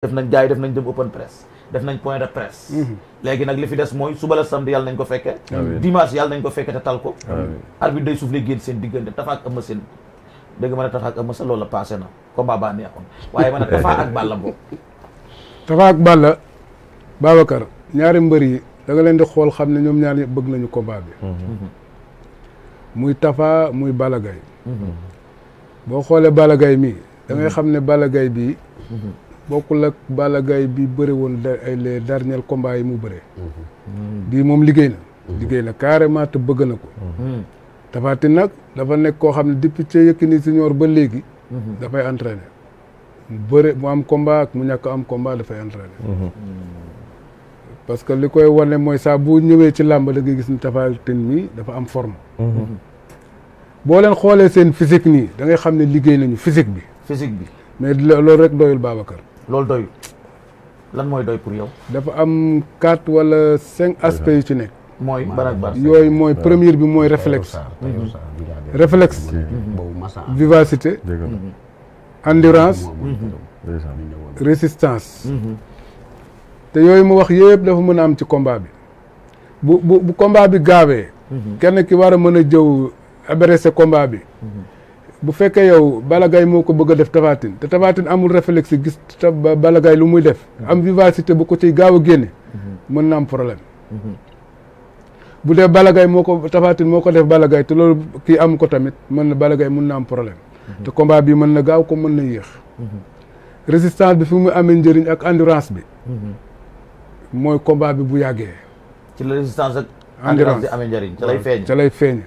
def nañ jaay def nañ dem open press def nañ point de presse. Mhm. légui nak li fi dess moy suba la samedi yalla nañ ko fekke dimanche yalla nañ ko fekke ta tal ko arbitre day souffler lay sen digënde diggante ak machine deug dëgg mën ak machine loolu passé na combat ba neexon waye man a ak Balla bo Tapha ak Balla babakar ñaari mbeur yi da nga leen di xol xam ñom ñaar bëgg nañu combat bi mhm. Mhm. muy tafa muy balagay bo xolé balagay mi da ngay xam balagay bi bokkul ak Balla Gaye bi bëri woon les derniers combats yi mu bëree. bii mm-hmm. moom liggéey na. Mm-hmm. liggéey na carrément te bëgg na ko. Mm-hmm. Tapha nag dafa nekk koo xam ne depuis ca Yékini Senior ba léegi. dafay entraîner. mu bëri mu am combat ak mu ñàkk am combat dafay entraîner. parce que li koy wane mooy saa bu ñëwee ci làmb da gis ni Tapha Tine mi dafa am forme. boo leen xoolee seen physique nii da ngay xam ne liggéey nañu physique bi. physique bi mais loolu rek doyul Babacar. loolu doy lan mooy doy pour yow. dafa am quatre wala cinq aspects yu ci nekk. mooy barak bar yooyu mooy première bi mooy réflexe. réflexe. vivacité. endurance. résistance. Mhm. te yooyu mu wax yëpp dafa mën a am ci combat bi bu bu combat bi gaawee. Mhm. kenn ki war a mën a jëw combat bi. Mhm. bu fekkee yow balagay moo ko bëgg def tafatin te tafatin amul si gis ta balagaay lu muy def mm-hmm. am vivacité bu ko ciy gaaw a génne mm-hmm. mën na am problème mm-hmm. bu dee balagay moo ko tafatin moo ko def balagay te loolu kii am ko tamit mën na balagay mën na am problème te combat bi mën na gaaw ko mën na yéex résistance bi fi mu amee njëriñ ak endurance bi mooy combat bi bu yàggee ci la résistance ak endurance bi amee njëriñ ca lay feeñ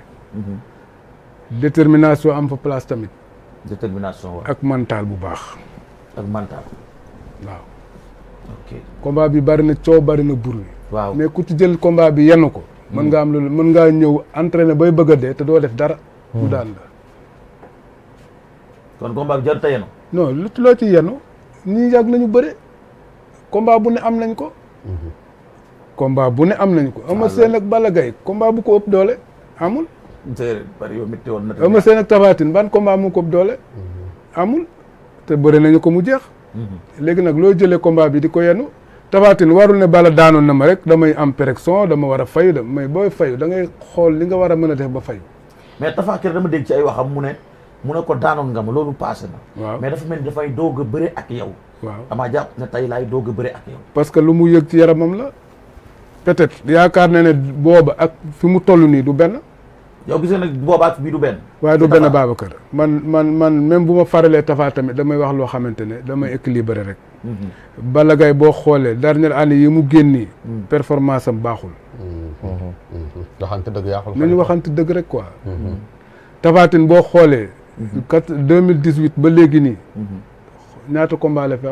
détermination am fa place tamit. ak mental bu baax. ak mental. waaw. ok bi bari na coow bari na bruit. waaw mais ku ci jël combat bi yenn ko. mën hmm. nga am loolu mën ngaa ñëw na bay bëgg a dee te doo def dara. Hmm. mu daan la. kon combat bi jarut yenu. non lu loo ci yenu ñii yàgg nañu bëre. combat bu ne am nañ ko. Hmm. combat bu ne am nañ ko. waaw Eumeu bala ak Balla bu ko ëpp doole amul. déedéet bari yow métti na. Eumeu Sène ak Tapha ban combat mu ko doole. Mm-hmm. amul te bëri nañu ko mu jeex. Mm-hmm. léegi nag loo jëlee combat bi di ko yenu Tapha warul ne bala daanoon na ma rek damay am pression dama war a fayu de mais booy da ngay xool li nga war a mën a def ba fayu. mais Tapha Tine dama dégg ci ay waxam mu ne mu ne ko daanoon nga ma loolu passé na. waaw mais dafa mel ni dafay doog a bëre ak yow. waaw damaa jàpp ne tey laay doog a bëre ak parce que lu mu yëg ci yaramam la peut-être yaakaar na ne booba ak fi mu toll nii du benn. yow gis nga nag boobaat bii du benn. waaye du benn Babacar man man man même bu ma faralee Tapha tamit damay wax loo xamante ne damay équilibré rek. Mhm. Balla boo xoolee dernière année yi mu génni mhm. performance am baaxul. Mhm. waxante dëgg yaaxul. nañu waxante dëgg rek quoi. Tapha boo xoolee. kat deux mille dix huit ba léegi nii. ñaata combat la fi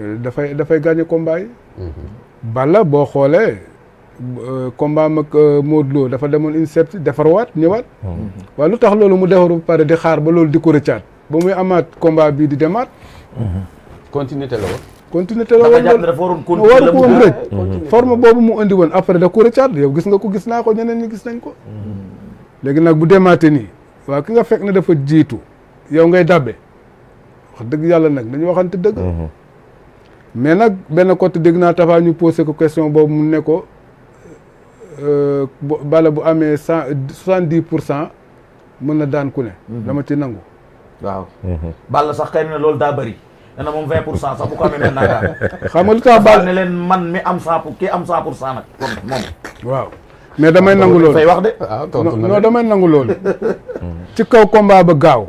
euh, dafay dafay gagné combat boo xoolee. Euh, combat am ak euh, Modou Lo dafa demoon defar defarwaat ñëwat hmm. waaw lu tax loolu mu defaru ba di xaar ba loolu di ko rëccaat ba muy amaat combat bii di demaat. Hmm. continuité la woon. continuité la woon loolu dafa waroon continué la mu waru woon rëcc. boobu mu andi woon après da ko rëccaat yow gis nga ko gis naa ko ñeneen ñi gis nañ ko. Hmm. léegi nag bu demaatee nii waaw ki nga fekk na dafa jiitu yow ngay dabbe wax dëgg yàlla nag dañu waxante dëgg. mais nag benn côté dégg naa Tapha ñu posé ko question boobu mu ne ko Euh, bu bala bu amee cent soixante dix pour cent mën na daan ku ne. Mhm. dama ci nangu. waaw. Mhm. Balla sax xëy na loolu daa bëri. nee na moom vingt pour cent sax bu ko amee nga lu tax Balla ne leen man mi am cent kii am cent pour waaw mais damay nangu loolu fay wax de. Ah, non damay nangu loolu. Mhm. ci kaw combat ba gaaw.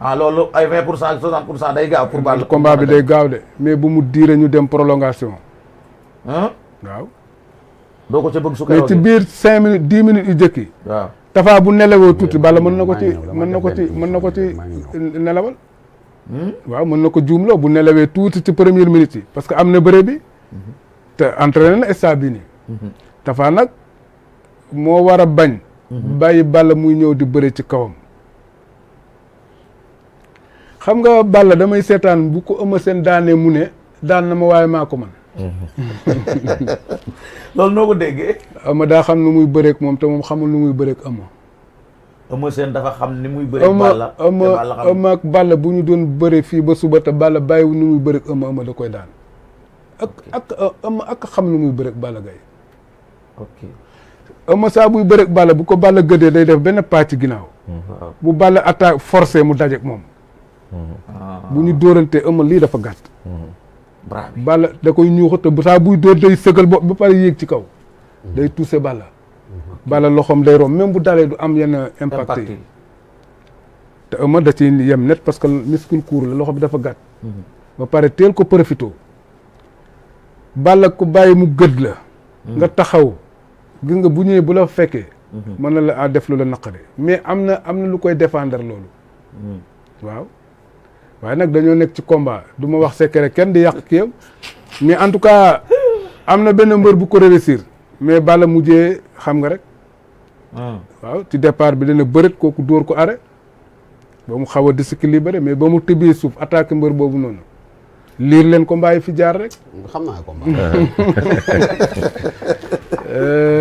ah loolu ay vingt pour cent soixante pour day gaaw pour Balla combat bi day gaaw de mais bu mu diire ñu dem prolongation. waaw. doo ko ca bëgg su ko ci biir cinq minutes dix minutes yu jëkk yi bu nelawoo tuuti Balla mën na ko ci mën na ko ci mën na ko ci nelawal hmm? waaw mën na ko juumloo bu nelawee tuuti ci première minute parce que am na bëre bi hmm. te entraîné na instant bii hmm. nag moo war a bañ bàyyi Balla muy ñëw di bëre ci kawam xam nga Balla damay seetaan bu ko ëma sen daanee mu ne daan na ma waaye maa ko man lool noo ko déggee. ama daa xam nu muy bëreek moom te moom xamul nu muy bëreek ama. ama xam ni muy bëreek. ama balla bu ñu doon bëre fii ba suba te balla bàyyiwu nu muy bëreek ama ama da koy daan ak ak euh, ama ak xam nu muy bëreek balla gay. ok ama saa buy bëreek balla bu ko balla gëdee day def benn ci ginnaaw. bu balla attaque forcé mu dajeek moom. Ah. bu ñu dóorante ama lii dafa gàtt. Hmm. Balla da koy ñuuxata bu saa buy dóor day sëgal bopp ba pare yéeg ci kaw mhm. day touché Balla mhm. Balla loxoom day rom même bu dalee du am yenn impact yi te Eumeu da ci yem net parce que miskul kuur la loxo bi dafa gàtt mhm. ba pare teel ko profito Balla ko bàyyi mu gëdd la nga taxaw gis nga bu ñëwee bu la fekkee mën na la ah, def lu la naqari mais am na am na lu koy défendre loolu waaw waaye nag dañoo nekk ci combat du ma wax secret kenn di yàq kii mais en tout cas am na benn mbër bu ko réussir mais bala mujjee xam nga rek. Ah. waaw ci départ bi dana bëreet kooku dóor ko are ba mu xaw a déséquilibré mais ba mu tëbee suuf attaque mbër boobu noonu. liir leen combat yi fi jaar rek. xam naa combat. Euh,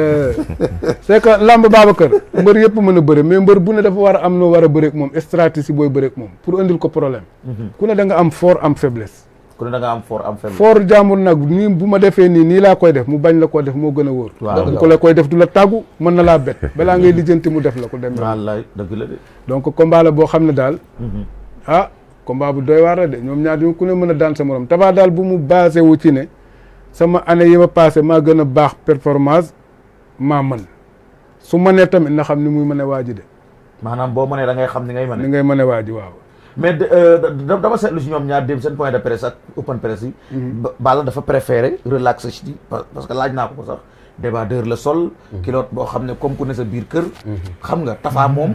c'est que lamb Babacar mbër yëpp mën a bëre mais mbër bu ne dafa war a am noo war a bëreek moom stratégie booy bëreek moom pour andil ko problème mhm. ku ne da nga am fort am faiblesse ku ne da nga am fort am faiblesse fort jàmbur nag nii bu ma defee nii nii laa koy def mu bañ la ko def moo gën a wóor ku la koy def du la tàggu mën na laa bet balaa ngay lijjanti mu def la ko demee wallaay dëgg la de donc combat la boo xam ne daal mhm. ah combat bu doy waar la de ñoom ñaar ñu ku ne mën a daan sa morom Tapha daal bu mu basé wu ci ne sama année yi ma passé maa gën a baax performance maa mën su mënee tamit na xam ni muy mën a waaji de maanaam boo manee dangay xam ni ngay mën ni ngay mën a waaji waaw mais euh, dama seetlu si ñoom ñaar dem seen point de presse ak open presse yi mhm. Balla dafa préféré relaxé ci parce que laaj naa ko ko sax débardeur la sol mhm. kilote boo xam ne comme ku ne sa biir kër mhm. xam nga tafaa moom